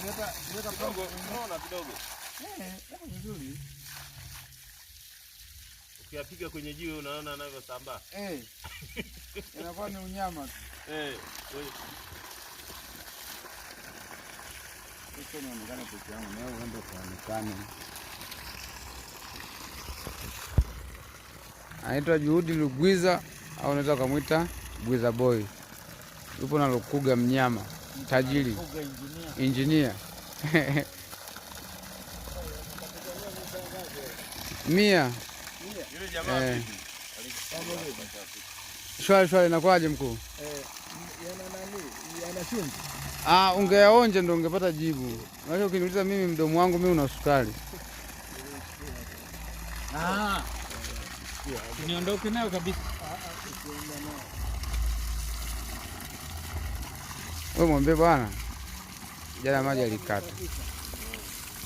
unaona kidogo eh, eh, vizuri, kwenye jiwe unaona anavyosambaa, eh. inakuwa ni unyama tu. Nionekane peke yangu uende Anaitwa Juhudi Lugwiza au unaweza ukamwita Gwiza Boy, yupo na Lukuga mnyama tajiri injinia mia eh. Shwari shwari, inakuwaje mkuu? Eh, ah, ungeyaonje ndo ungepata jibu. Unajua ukiniuliza mimi mdomo wangu mimi una sukari. Ah. Niondoke nayo kabisa. Ah, ah, ah. wewe mwambie bwana, jana maji alikata.